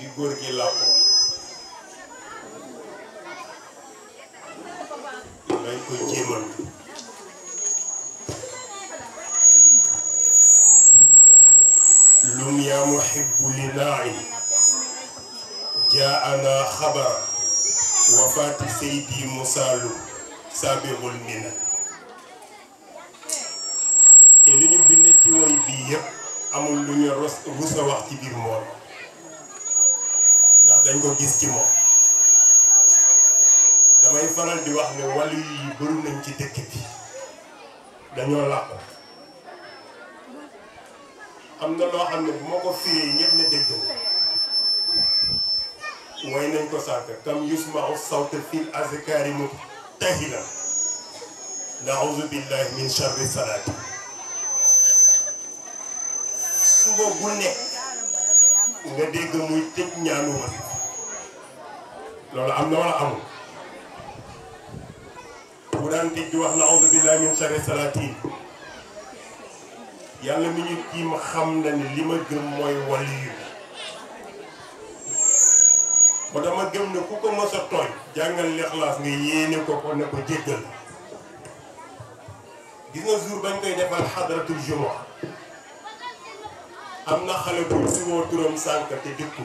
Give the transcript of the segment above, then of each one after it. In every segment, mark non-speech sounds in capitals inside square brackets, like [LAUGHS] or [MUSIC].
di góor gi làqoo dañ ko jéemal sa tooñ jàngal li xalaas nga yéene ko ko ne ko jéggal gis nga jour bañ koy defal xadratul jumaa am na xale bu siwoo turam sànq te dikku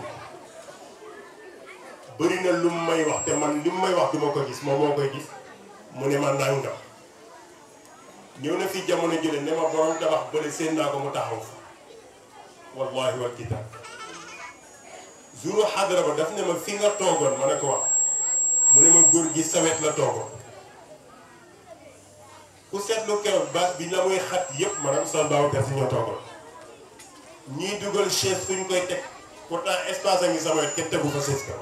bëri na lu may wax te man li mu may wax duma ko gis moom moo koy gis mu ne ma nangam ñëw na fi jamono jële ne ma borom tabax bële seen naa ko mu taxaw fa wallahi wal kitaab jour xadara ba daf ne ma fi nga toogoon ma ne ko wax góor gi sawet la toogoon ku seetlu kew ba bi la moy xat yep manam sa baaw ka ci ñoo togo ñi duggal chef suñ koy tek pourtant espace ngi sama wet tegu fa ses ka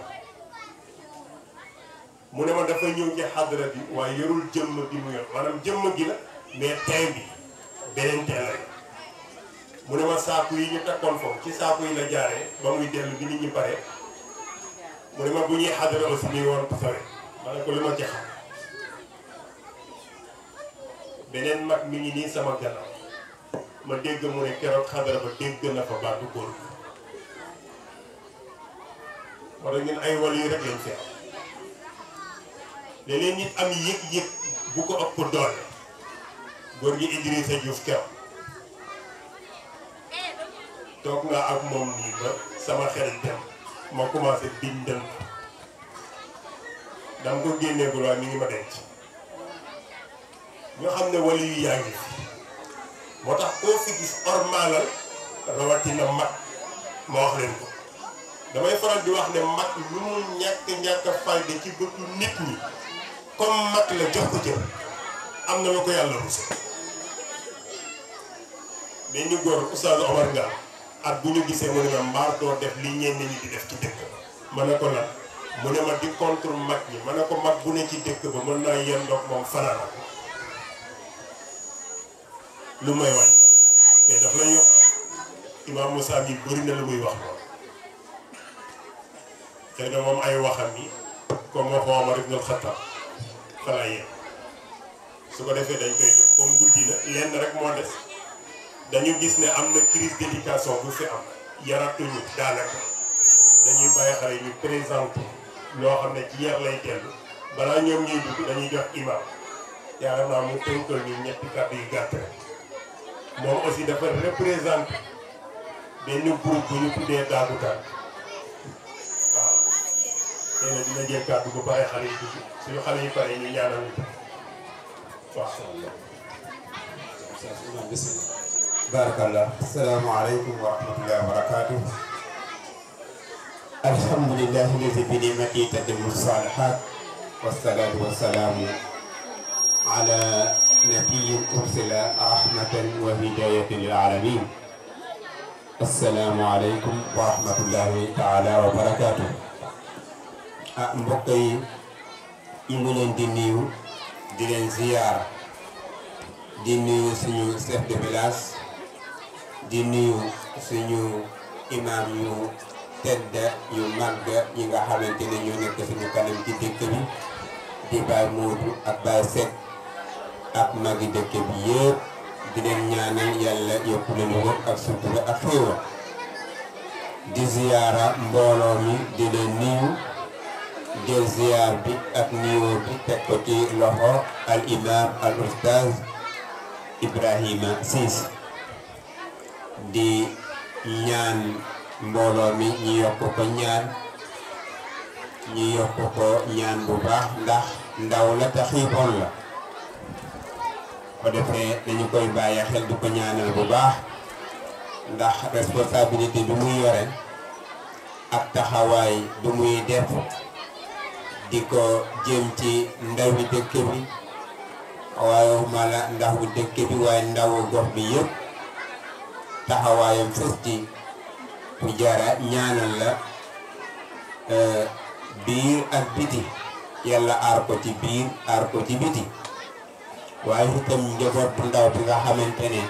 mu ne ma da fay ñew ci hadra bi way yorul jëm bi mu yor manam jëm gi la mais tay bi benen tay la mu ne ma saaku yi ñu takkon fo ci saaku yi la jaaree ba muy delu bi nit ñi bare mu ne ma bu ñi hadra aussi nii woon rek ma ne ma ci beneen mag mi ngi nii sama gannaaw ma dégg mu keroog xadara ba dégg na fa baatu góor moo tax ñun ay wàll yu rek lañ fi am leneen nit am yëg-yëg bu ko ëpp doole góor gi Idrissa Diouf keroog toog nga ak moom nii ba sama xel dem ma commencé bindal ko danga ko génneegul waaye mi ngi ma denc ñu wali yu yaa ngi fi fi gis ormaalal rawatina mag ma wax leen ko damay faral di wax ne mag lu mu ñàkk ñàkk fayda ci bëtu nit ñi comme mag la jox ko mais ñu Omar bu ñu def li ñi di def ci dëkk mu ne ma di contre mag ñi ma ne ko mag bu ne ci dëkk ba mën naa yenn ndox moom fanaan lu may wañ mais daf lay yokk Imam Moussa mi bëri na lu muy wax moom xëy moom ay waxam yi comme wax Omar ibn Khattab xanaa yéen su ko defee dañ koy def comme guddi na lenn rek moo des dañu gis ne am na crise d'éducation bu fi am yaratuñu daanaka dañuy bàyyi xale ñu présenté loo xam ne ci yar lay teel balaa ñoom ñuy dugg dañuy jox imam yaakaar naa mu tënkal ñu ñetti kàddu yu gàtt rek moom aussi dafa représenté benn groupe bu ñu tuddee Daagu Tànk waaw xëy na dina jël pare xale yi dugg suñu xale yi pare ñu ñaanal ñu waaw. macha allah. baarakallah. salaamaaleykum wa rahmatulah barakaatu. الحمد لله الذي بنعمته تتم الصالحات والصلاة والسلام على نبي أرسل رحمة وهداية للعالمين السلام عليكم ورحمة الله تعالى وبركاته ah آه، يمولين دي نيو دي لين زيار دي نيو leen ziyaar دي nuyu دي نيو de امام يو tedd ñu màgg ñi nga xamante ne ñoo nekk suñu kanam ci dëkk bi di Baay Moodu ak Baay Seck ak magi dëkk bi yëpp di ñaanal yàlla yokk leen wër ak sutura ak di ziyaara mbooloo mi di leen nuyu jël ziyaar bi ak nuyoo bi teg ko ci loxo al imam al ustaz Ibrahima Ciss di ñaan mbooloo mi ñu yokk ko ñaan ñu yokk ko ñaan bu baax ndax ndaw la te xiiboon la ko dañu koy bàyyi xel di ko ñaanal bu baax ndax responsabilité bi muy yore ak taxawaay bi muy def di ko jëm ci ndawi dëkk bi waaye mala ndax bu dëkk bi waaye ndawu gox bi yépp taxawaayam fës ci ñu jaara ñaanal la euh, biir ak biti yàlla aar ko ci biir aar ko ci biti waaye itam njaboot bu ndaw bi nga xamante ne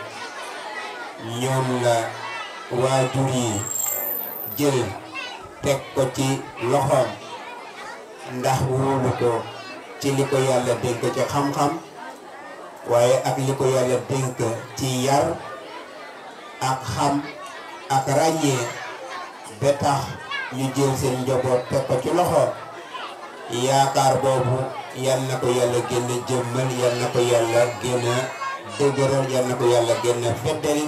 ñoom la waajur yi jël teg ko ci loxoom ndax wóolu ko ci li ko yàlla dénk ci xam-xam waaye ak li ko yàlla dénk ci yar ak xam ak ràññee ba tax ñu jël seen njaboot teg ci loxo yaakaar boobu yal na ko yàlla génne jëmmal yal na ko yàlla génne dëgëral yal na ko yàlla génne feddali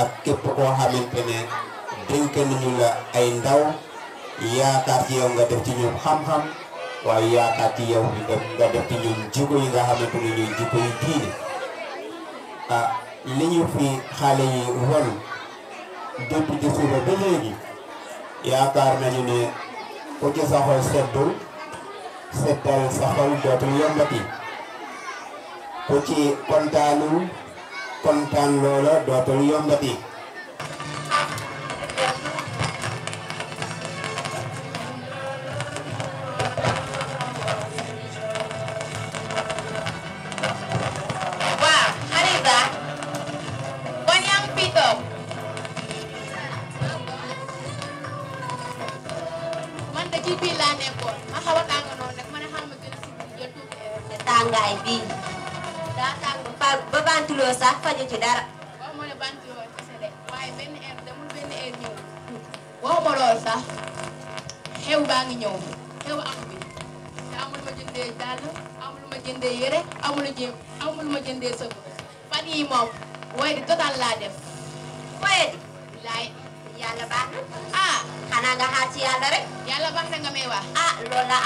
ak képp koo xamante ne dénk nañu la ay ndaw yaakaar ci yow nga def ci ñoom xam-xam waaye yaakaar ci yow nga def ci ñoom jikko yi nga xamante ne ñooy jikko yi diine ah, li ñu fi xale yi won depuis ci suba ba léegi yaakaar nañu ne ku ci sa xol seddul seddal sa dootul yombati ku ci kontaanul kontaan loola dootul yombati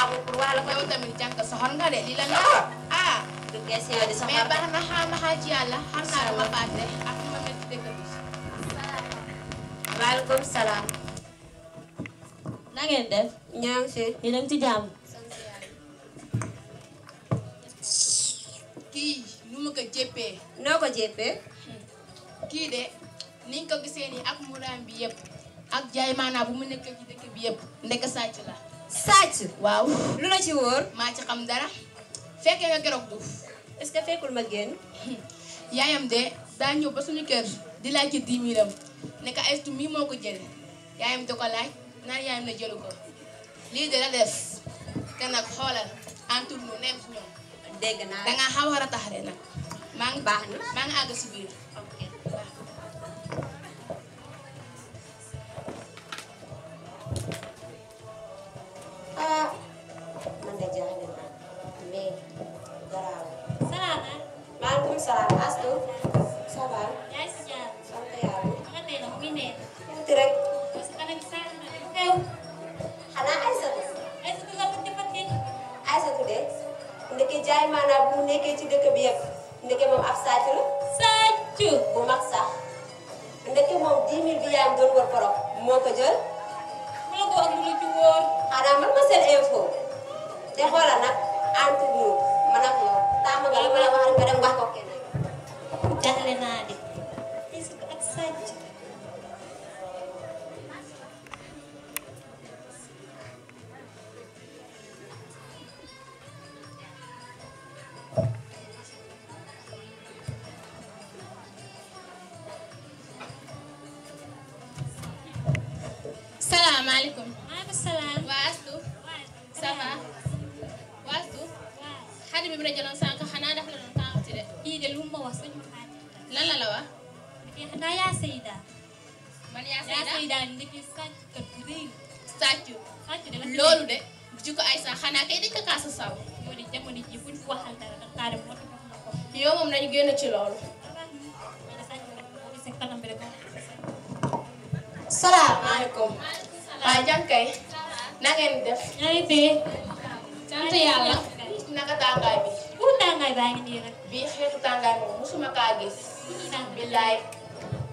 abu kurwa la koy wata min jakka so hon ngade lila nga ya, ah du gesi yo di sama me bahna ha ma haji kan ala hanna ma batte ak ma met dekk bi waalaikum salaam na ngeen def ñang ci yeen ci jam ki nu ma ko jéppee noo ko jéppee kii de niñ ko gisee nii ak muraam bi yëpp ak jaay kau bu mu nekk ci dëkk bi yëpp ndek sàcc la sàcc waaw lu la ci wóor maa ci xam dara fekkee nga keroog duuf est-ce que fekkul ma génn [LAUGHS] yaayam de daa ñëw ba suñu kër di laaj ci dix mille am ne ko Aysatu mii moo ko jële yaayam da ko laaj naan yaayam na jëlu ko lii de la des te nag xoolal en tourne neex ñoom dégg naa danga xaw a ratax de nag maa ngi baax na maa ngi àgg si biir ka man da jahanam me garaw salaman maaleykum astu sabar yes ja sant yàlla nga ne na muy ne yent rek parce que nak sa xew xanaa ndeke jaay maanaam bu nekkee ci dëkk ndeke moom ab sàcc la ndeke mau 10 000 bi yaa ngi mau war borom moo ko jël xanaa man ma seen info te xoolal nag ànd ak ñun man ak yow taamu nga li ma la wax nga Gila billaay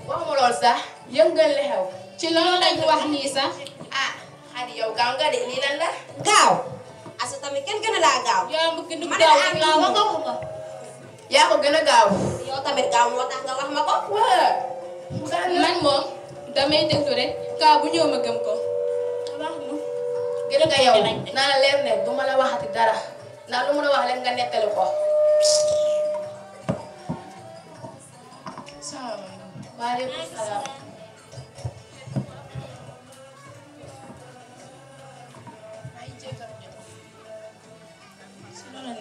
waxuma lool sax yëngal li xew ci loolu lañu ah xadi yow gaaw nga de lii lan la gaaw asu tamit kenn gën a laa gaaw yaa ma gën a gaaw laa ma ko ko yaa ko gën a gaaw yow tamit gaaw moo tax nga wax ma ko man moom damay déglu rek lu ma la wax leen kan nga maaleykum salaam.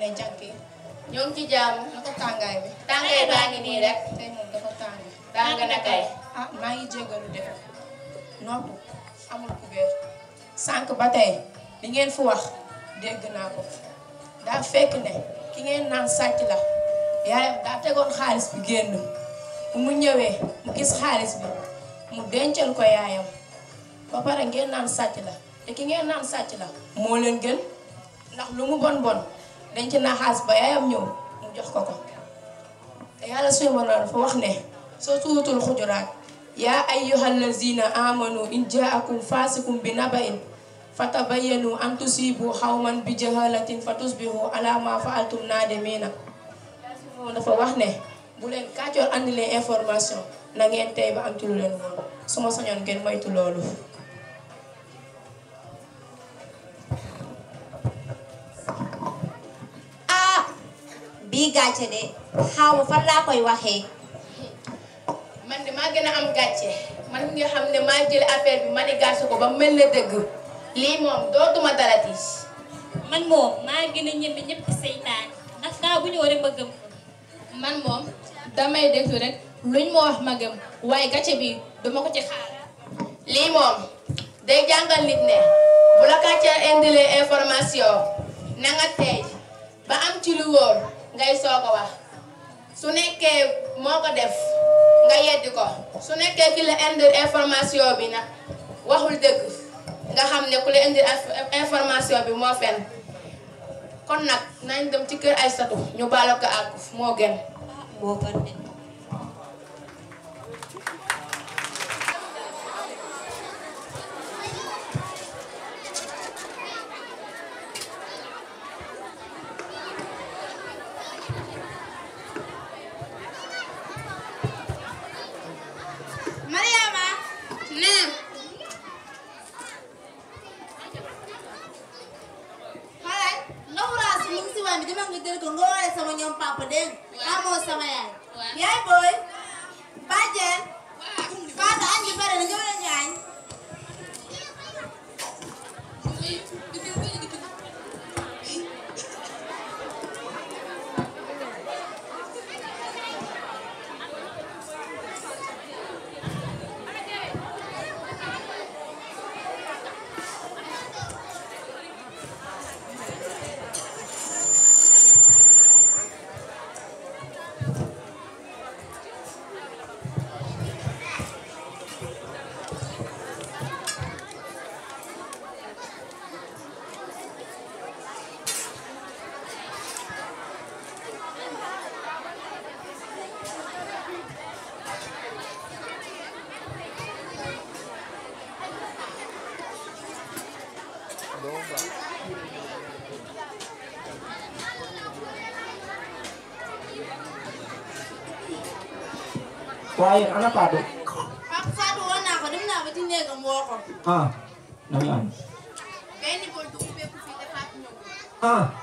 ne jàkkee ñoo ngi ci jaamu naka tàngaay bi. tàngaay baa ngi nii rek. tey moom dafa tàng. tàng na kay. ah maa ngi jégalu def noppi amul kubéer sànq ba tey li ngeen fu wax dégg naa ko daa fekk ne ki ngeen naan sàcc la yaayam daa tegoon xaalis bu génn. mu ñëwee mu gis xaalis bi mu dencal ko yaayam ba pare ngeen naan sàcc la te ki ngeen naan sàcc la moo leen gën ndax lu mu bon bon denc na xaalis ba yaayam ñëw mu jox ko ko te yàlla suñu borom dafa wax ne soo tuutul xujuraat yaa ayyuhal lazina amanu in jaakum fasikum bi naba'in fatabayyanu an tusibu xawman bi jahalatin fa tusbihu ala ma fa'altum naadimina yàlla suñu borom dafa wax ne bu leen kàccoor andilee information na ngeen tey ba am ci lu leen moom su ma sañoon ngeen moytu loolu. ah bii gàcce de xaw ma fan laa koy waxee. man de maa gën a am gàcce man mi nga xam ne maa jël affaire bi ma ne gàcce ko ba mu mel ne dëgg lii moom dootuma dalati. man moom maa gën a ñeme ñëpp seytaan ndax kaa bu ñëw rek ma gëm man moom. damay déglu rek luñ ma wax ma gëm waaye gàcce bi duma ko ci xaar. lii moom day jàngal nit ne bu la kàccee indilee information na nga teej ba am ci lu wóor ngay soog a wax su nekkee moo ko def nga yeddi ko su nekkee ki la indi information bi nag waxul dëgg nga xam ne ku la indi information bi moo fen kon nag nañ dem ci kër ay satu ñu baalo ko ak moo gën वो करने Why, ano pa do? Kapsado ko na ako, dami na ako tinigang mo ako. Ah, nangyan. Kaya ni Bordo, upe ko pita Ah,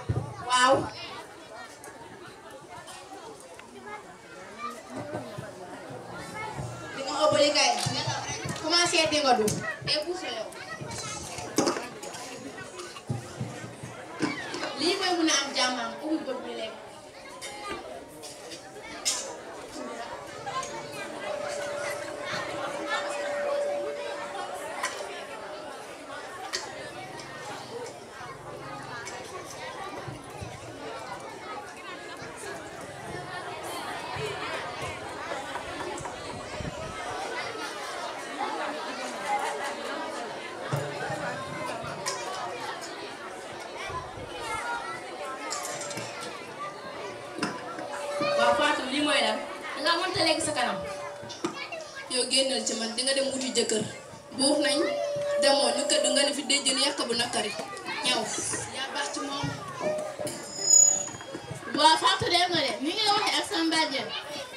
waaw Fatou dem nga de ni nga waxee ak sama bàjjen.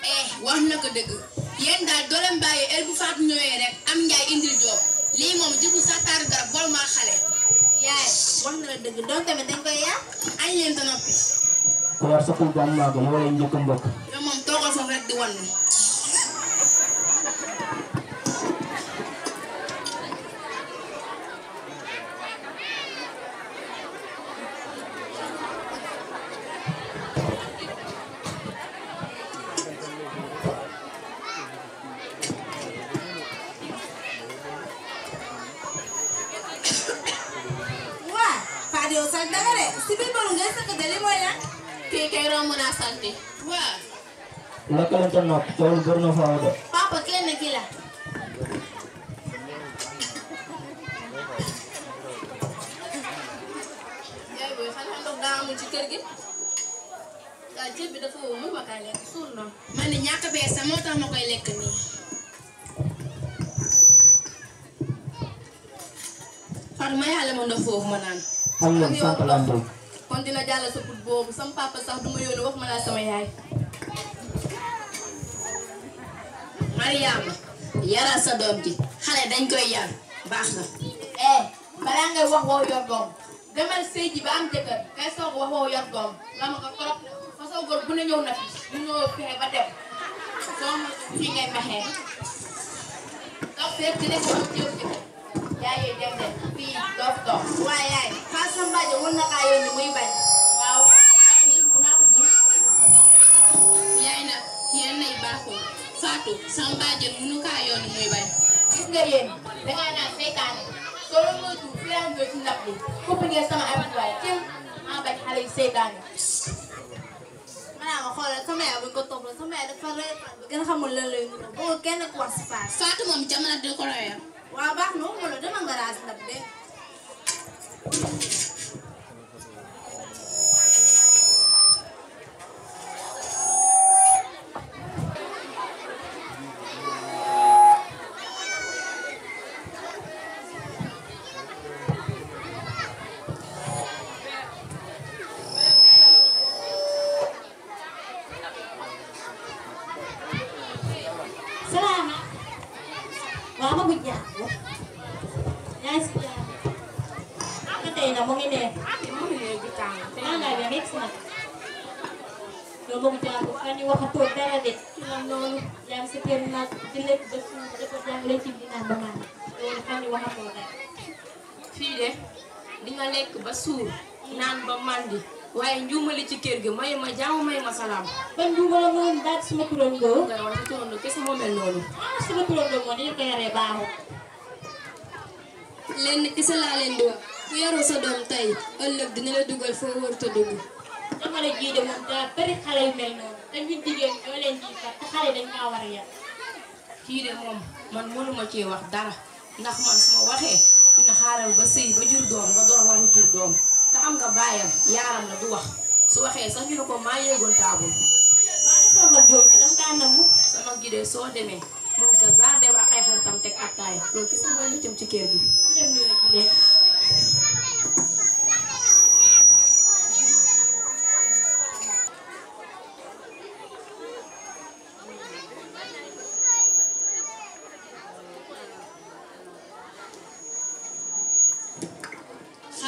eh wax na ko dëgg yéen daal doo bàyyi heure bu Fatou rek am njaay indil joob lii moom jëkku sax taar garab bol maa xale. yaay wax na la dëgg donc tamit dañ koy yàq añ leen te noppi. war sa kum jàmm maa ko moo lay njëkk mbokk. yow moom toogal foofu rek di wan. papa kenn ki la. booy xanaa ndox daa amul ci kër gi. waaw ceeb bi dafa wow mu ba kaa lekk suur na. man ni ñàkk bee sa moo tax ma koy lekk nii. far ma yàlla ma ndox foofu ma naan. am na sant la am Mariama yaral sa doom ji xale dañ koy yar baax na eh balaa ngay wax wow yor doom demal ba am jëkkër ngay soog wax wow yor doom nga ma ko trop ne ñu ñëw fexe ba dem soo ngay maxee donc fépp dina yaay yooyu dem de fii na Fatou sama bàjjen munu kaa yoon muy bay gis nga yéen dangaa naan seytaane soo doon moytu fii laa ñëw ci ndab li képp ngeen sama abit waaye kenn maa bañ moom na waxuma la dama nga raas ndab de. lama gue jago. Ya sih ya. Kita yang ngomongin deh. Ngomongin deh kita. Mana ada mix nih? Ngomong Ani wah tuh dah nol yang si nak jelek besar dapat yang lecim kan di nambangan. Tuh ani wah tuh dah. Fide, basur, nan ba mandi. waaye njuumali ci kër gi may ma jaamu may ma salaam. kon njuumala nga woon daal sama turandoo. nga wax sa turandoo kese moo mel noonu. ah di ku yaru sa doom la dugal foo wërta dugg. dama la jiite moom kii de moom man mënuma ci wax dara ndax man ma waxee dina xaaral ba sëy ba jur doom nga door jur doom. xam nga baayam yaaram la bu wax su waxee sax ñu ne ko maa yéegoon taabul sama jooj da nga kaa namm de soo demee moom sa jardin ba ay xaritam teg attaaya loolu kese mooy lu jëm ci kër gi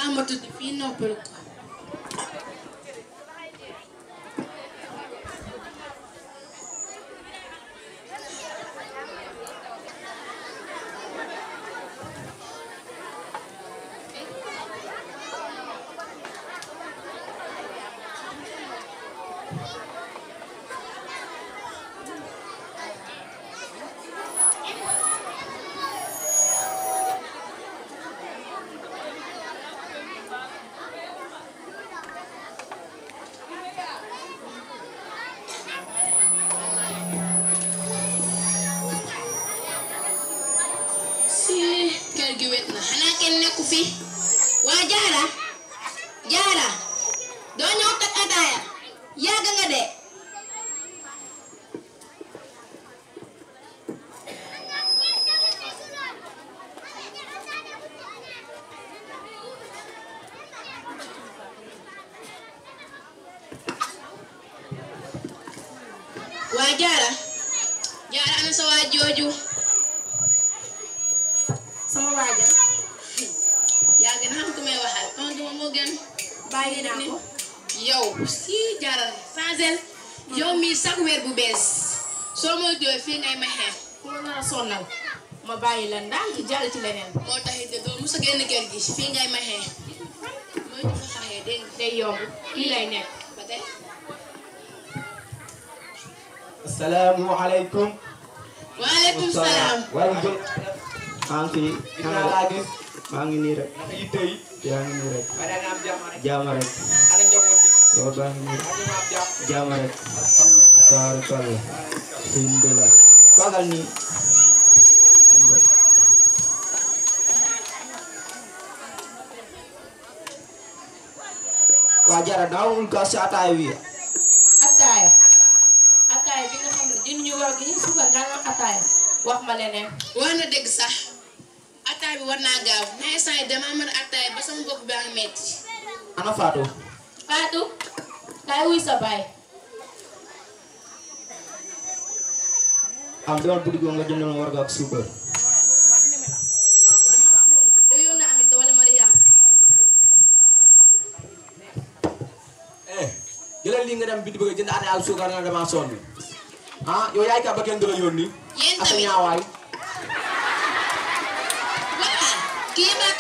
Chamado divino perdão. bàyyi naa ko yow si jaral changel yow mii sax weer bu bees soo ma jooy fii ngay ma xeex ku ma nar a sonnal ma bàyyi la ndànk jàll ci leneen moo taxit de doo musa génn kër gi fii ngay ma xeex mooy dafa xaxee day day yomb lii lay nekk ba tey asalaamualeykum salaam wala maa ngi maa ngi nii rek yaa rek jaam rek pagal ni wajar daawul gas ataay wi ataay ataay bi nga xam ne ñu war gi suba nga ataay wax ma sax attaay bi war naa gaaw na instant mën a ba sama bopp baa ngi metti ana Fatou Fatou kaay wuy sa baay am dawal buddi eh, nga jëndal ma warga ak suukar jëlal lii nga dem bitti bëgg jënd attaay ak suukar nga dama sonn yaay ka ak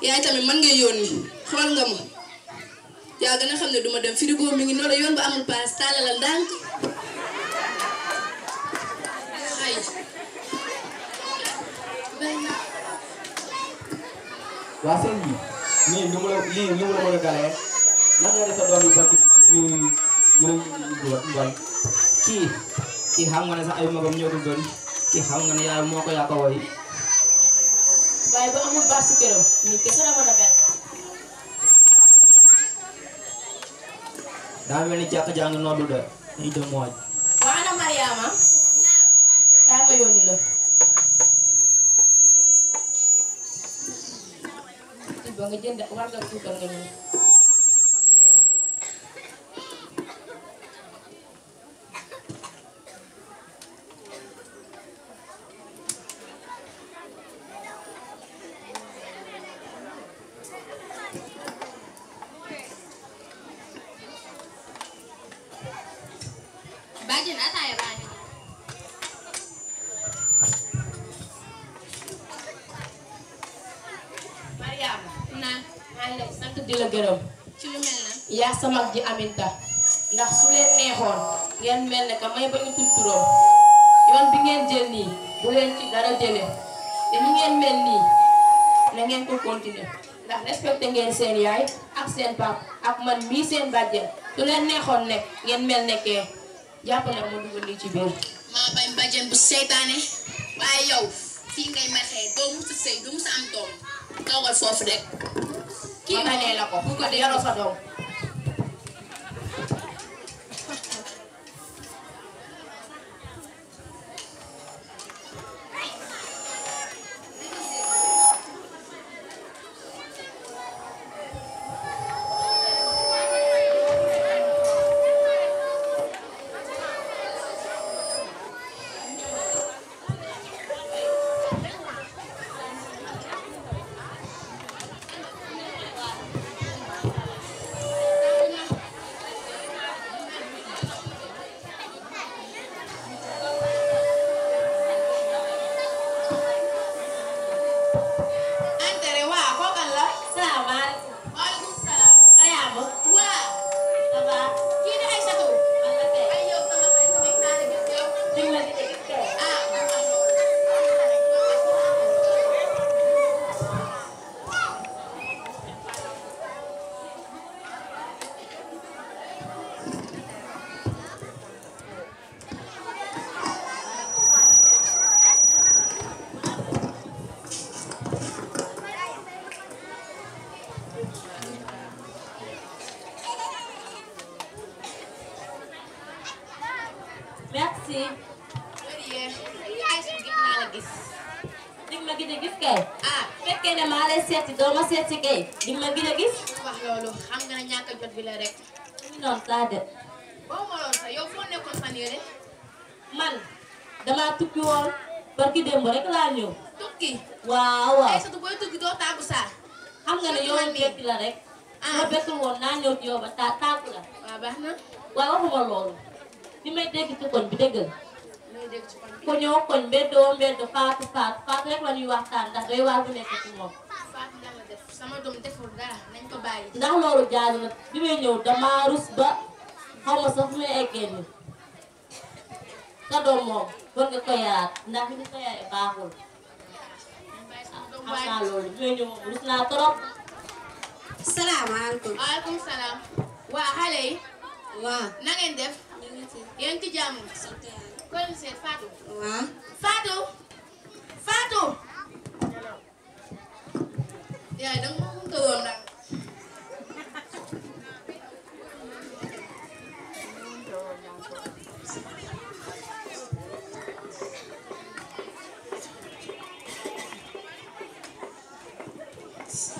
yaay tamit man nga yoni xol nga ma ya gëna xamne duma dem frigo mi ngi noonu yoon ba amul paas taalalal ndànk ay waa ni ni lii nu mu la lii nu mu la mën a galee nga def sa doom yu bakki ñu ñu doon kii kii xam nga ne ay magam ñoo ko doon kii xam nga ne yaay moo ko waaye bu amul baat si këram ni kese la mën mel. daa mel ni jàkk jàng noddu ni ñu dem waaj. waa ana ma la. nga jënd nga ngeen lekk may bañ a tudd bi ngeen jël nii bu leen ci dara jëlee te ni ngeen mel nii na ngeen ko continuer ndax respecté ngeen seen yaay ak seen pap ak man seen su ngeen mel nekkee jàppale ma dugal lii ci biir. maa bañ bàjjen bu seytaane waaye yow fii ngay maxee doo musa sëy doo musa am doom toogal foofu rek. kii ma la ko bu ko sa gëj a gis kay ah fekkee ne maa lay seet si doo ma seet kay di ma gëj a gis wax loolu xam nga ne ñàkk a jot bi la rek non saa de boo ma loolu sax yow foo nekkoon fan yële man dama tukki woon barki démb rek la ñëw tukki waaw waaw ay sa du booy tukki do taagu saa xam nga ne yow bekki la rek ah. ma bettul woon naa ñëw yow ba ta taagu la waaw baax na waaw waxuma loolu li may dégg ci kon bi déggal Konyokon bedo bedo mbedd fat fat faatu faatu faatu rek la ñuy waxtaan ndax day sama doom deful dara nañ ko bàyyi ndax loolu jaar ba xaw sax may eggee ni sa doom moom war nga ko yaat ndax li ko yaay baaxul xam naa loolu bi may ñëw rus naa trop salaamaaleykum waaleykum salaam waa xale yi na ngeen def ci Quoi, c'est Fadou Ouais. Fadou Fadou Giờ đứng cũng tường nè Thank you.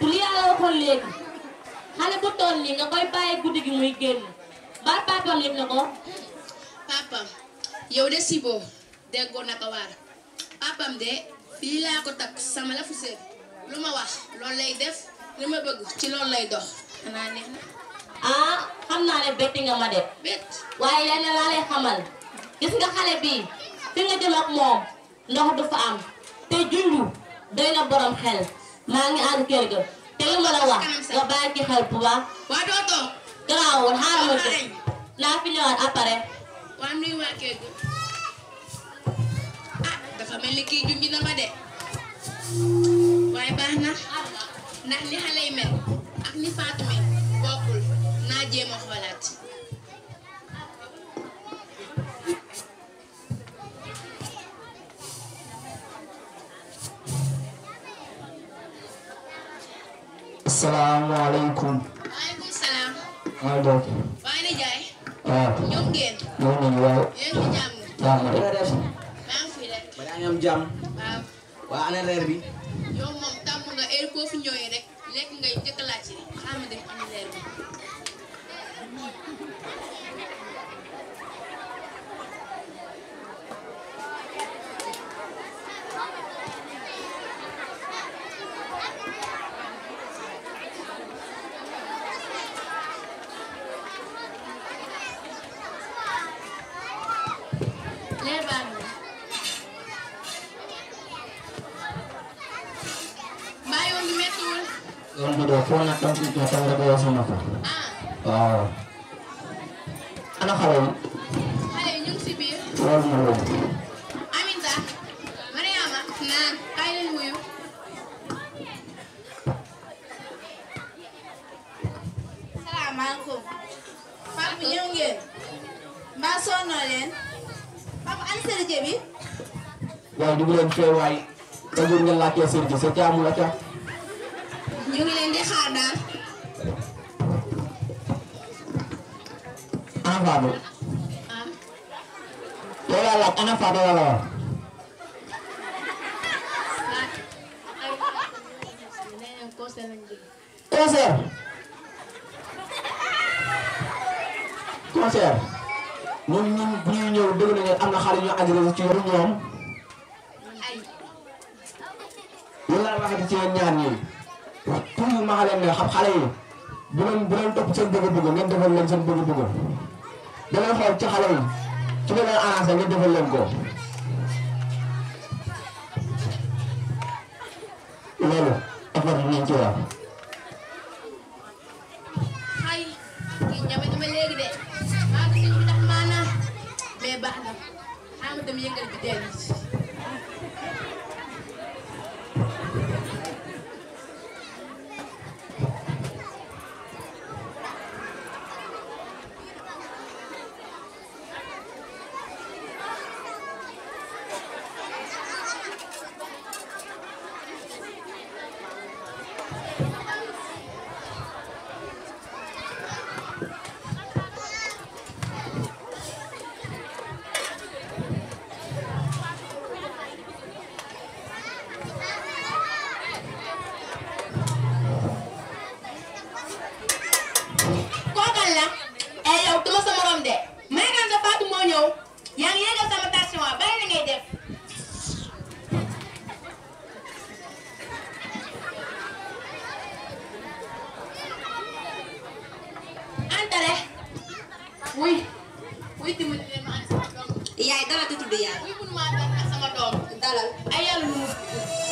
du li yàlla waxoon léegi xale bu toll nii nga koy bàyyi guddi gi muy génn bal papam yëg na ko papam yow de siboo déggoo naka waar papam de fii laa ko takk sama la fu seet lu ma wax lool lay def li ma bëgg ci loolu lay dox xanaa neex na ah xam naa ne betti nga ma de bett waaye leneen laa lay xamal gis nga xale bii fi nga jëm ak moom ndox du fa am te junju doy na borom xel maa ngi ànd kër ga te li ma la wax nga bàyyi ci xel bu baax. waaw doo toog. garaawul xaaral naa fi ñëwaat waa nuyu waa kër ga. ah dafa mel ni kii junj na ma de. waaye baax na. ndax ni xale yi mel ak ni Fatou mel naa jéem a salaamaaleykum. maaleykum salaam. maa ngi bokk. waaye jaay. waaw. ñoom ngeen. ñoom nañu waaw. yéen a ngi jàmm. waaw nga def. ñoom moom tàmm nga heure fi ñëwee rek lekk ngay njëkk a laaj rek xaaral ma dem wala kang ikatang nabawasan ako. Ah. Ano ka rin? Ayun, yung si Bill. Wala mo rin. Aminta, Mariama, na, kailan mo yun? Salamanko. Papa, yung yun. Baso na rin. Papa, ano sa laki ang sirgi. Sa kaya bu Bola lap enak apa bola Koser. Konser ñun ñun bu ñëw dëgg na ngeen am na ñu agré ci yoru ñoom loolu laa ci yéen ñaar ñi wax ma xale ne xam yi bu bu seen bëgg bëgg ngeen defal seen bëgg bëgg dangay xool ci xale yi ci li leen arrangé nga defal leen ko loolu effort bi ñu ngi ci war mais baax na xam nga dem yëngal bi dellu kuy dimbali leen ma ak sama doom. yaay dara te tudd yaay. kuy mun maa ak sama doom. dalal ayal mu.